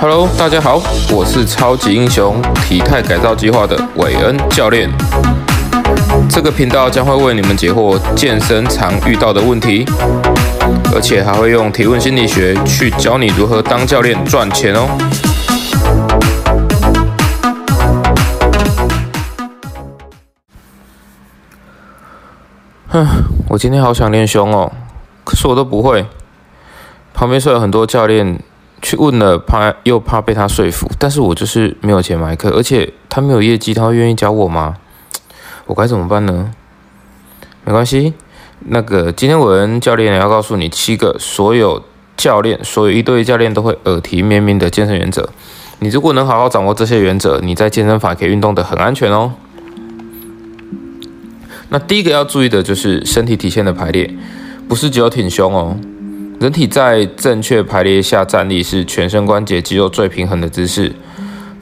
Hello，大家好，我是超級英雄體態改造計劃的韋恩教練。這個頻道將會為你們解惑健身常遇到的問題，而且還會用提問心理學去教你如何當教練賺錢哦。哼，我今天好想練胸哦，可是我都不會。旁邊是有很多教練。去問了怕，怕又怕被他說服，但是我就是沒有錢買課，而且他沒有業績，他會願意教我嗎？我該怎麼辦呢？沒關係，那個今天我跟教練也要告訴你七個所有教練，所有一對一教練都會耳提面命的健身原則。你如果能好好掌握這些原則，你在健身房可以運動得很安全哦。那第一個要注意的就是身體體線的排列，不是只有挺胸哦。人體在正確排列下站立，是全身關節肌肉最平衡的姿勢。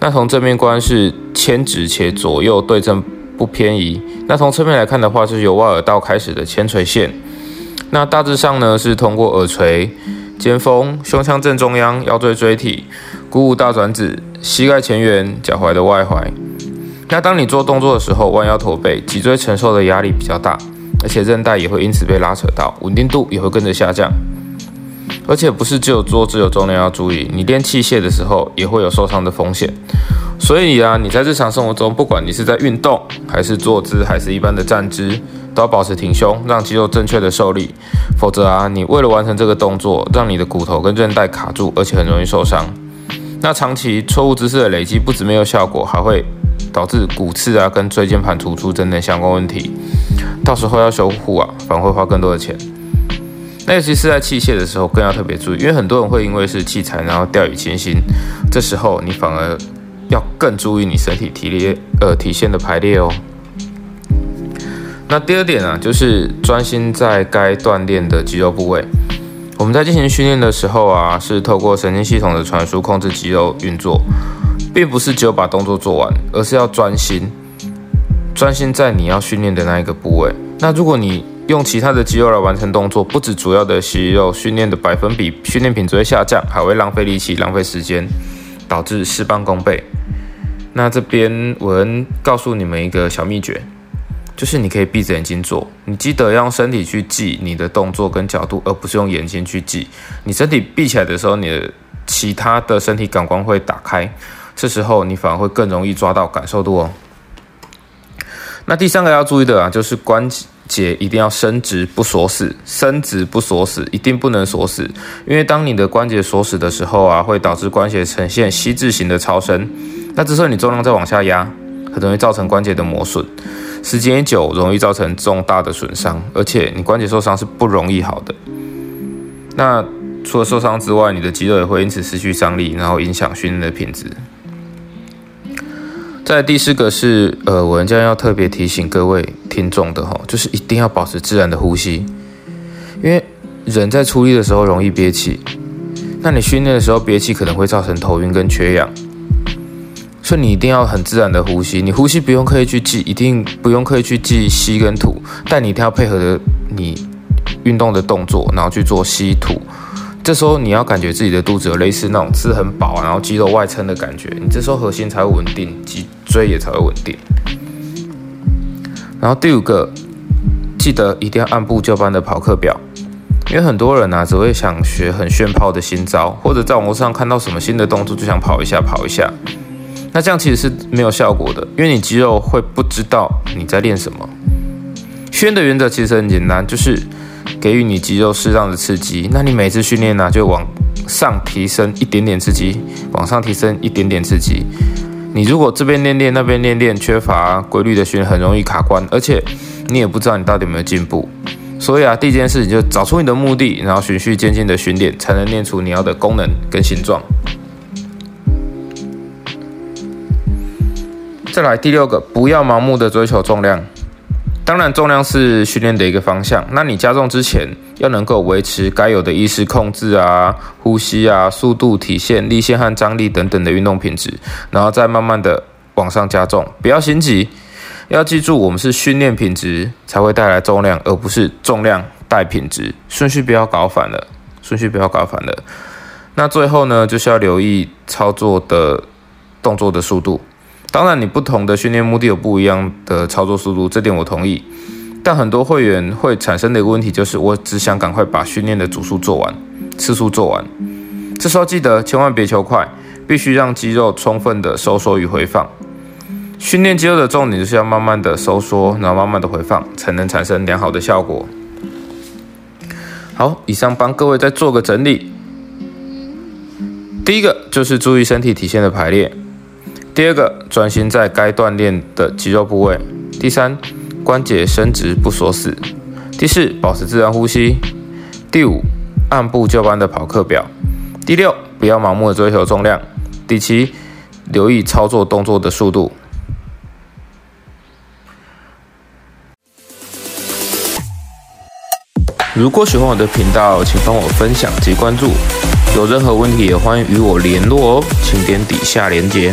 那從正面觀是鉛直且左右對稱不偏移。那從側面來看的話，是由外耳道開始的鉛垂線。那大致上呢，是通過耳垂、肩峰、胸腔正中央、腰椎椎體、股骨大轉子、膝蓋前緣、腳踝的外踝。那當你做動作的時候，彎腰駝背，脊椎承受的壓力比較大，而且韌帶也會因此被拉扯到，穩定度也會跟着下降。而且不是只有坐姿有重量要注意，你練器械的時候也會有受傷的風險。所以啊，你在日常生活中，不管你是在運動，還是坐姿，還是一般的站姿，都要保持挺胸，讓肌肉正確的受力。否則啊，你為了完成這個動作，讓你的骨頭跟韌帶卡住，而且很容易受傷。那長期錯誤姿勢的累積，不止沒有效果，還會導致骨刺啊跟椎間盤突出等等相關問題。到時候要修復啊，反而會花更多的錢。尤其是在器械的時候，更要特別注意，因為很多人會因為是器材，然後掉以輕心，這時候你反而要更注意你身體體列呃體線的排列哦。那第二點啊，就是專心在該鍛鍊的肌肉部位。我們在進行訓練的時候啊，是透過神經系統的傳輸控制肌肉運作，並不是只有把動作做完，而是要專心，專心在你要訓練的那一個部位。那如果你用其他的肌肉來完成動作，不只主要的肌肉訓練的百分比、訓練品質會下降，還會浪費力氣、浪費時間，導致事半功倍。那這邊我告訴你們一個小秘訣，就是你可以閉着眼睛做，你記得要用身體去記你的動作跟角度，而不是用眼睛去記。你身體閉起來的時候，你的其他的身體感官會打開，這時候你反而會更容易抓到感受度哦。那第三個要注意的啊，就是關節一定要伸直，不鎖死。伸直不鎖死，一定不能鎖死。因為當你的關節鎖死的時候啊，會導致關節呈現 “C” 字形的超伸。那這時候你重量再往下壓，很容易造成關節的磨損。時間一久，容易造成重大的損傷。而且你關節受傷是不容易好的。那除了受傷之外，你的肌肉也會因此失去張力，然後影響訓練的品質。在第四個是，呃，我人家要特別提醒各位聽眾的哈，就是一定要保持自然的呼吸，因為人在出力的時候容易憋氣，那你訓練的時候憋氣可能會造成頭暈跟缺氧，所以你一定要很自然的呼吸，你呼吸不用刻意去記，一定不用刻意去記吸跟吐，但你一定要配合着你運動的動作，然後去做吸吐，這時候你要感覺自己的肚子有類似那種吃很飽，然後肌肉外撐的感覺，你這時候核心才會穩定，所以也才會穩定。然後第五個，記得一定要按部就班的跑課表，因為很多人呢、啊，只會想學很炫炮的新招，或者在網絡上看到什麼新的動作就想跑一下跑一下，那這樣其實是沒有效果的，因為你肌肉會不知道你在練什麼。訓練的原則其實很簡單，就是給予你肌肉適當的刺激。那你每次訓練呢，就往上提升一點點刺激，往上提升一點點刺激。你如果這邊練練，那邊練練，缺乏啊，規律的訓練，很容易卡關，而且你也不知道你到底有沒有進步。所以啊，第一件事你就找出你的目的，然後循序漸進的訓練，才能練出你要的功能跟形狀。再來第六個，不要盲目的追求重量。當然，重量是訓練的一個方向。那你加重之前，要能夠維持該有的意識控制啊、呼吸啊、速度、體線、力線和張力等等的運動品質，然後再慢慢的往上加重，不要心急。要記住，我們是訓練品質才會帶來重量，而不是重量帶品質。順序不要搞反了，順序不要搞反了。那最後呢，就是要留意操作的動作的速度。當然，你不同的訓練目的有不一樣的操作速度，這點我同意。但很多會員會產生的一個問題就是，我只想趕快把訓練的組數做完，次數做完。這時候記得千萬別求快，必須讓肌肉充分的收縮與回放。訓練肌肉的重點就是要慢慢的收縮，然後慢慢的回放，才能產生良好的效果。好，以上幫各位再做個整理。第一個就是注意身體體線的排列。第二個，專心在該鍛鍊的肌肉部位；第三，關節伸直不鎖死；第四，保持自然呼吸；第五，按部就班的跑課表；第六，不要盲目的追求重量；第七，留意操作動作的速度。如果喜歡我的頻道，請幫我分享及關注。有任何問題也歡迎與我聯絡哦，請點底下連結。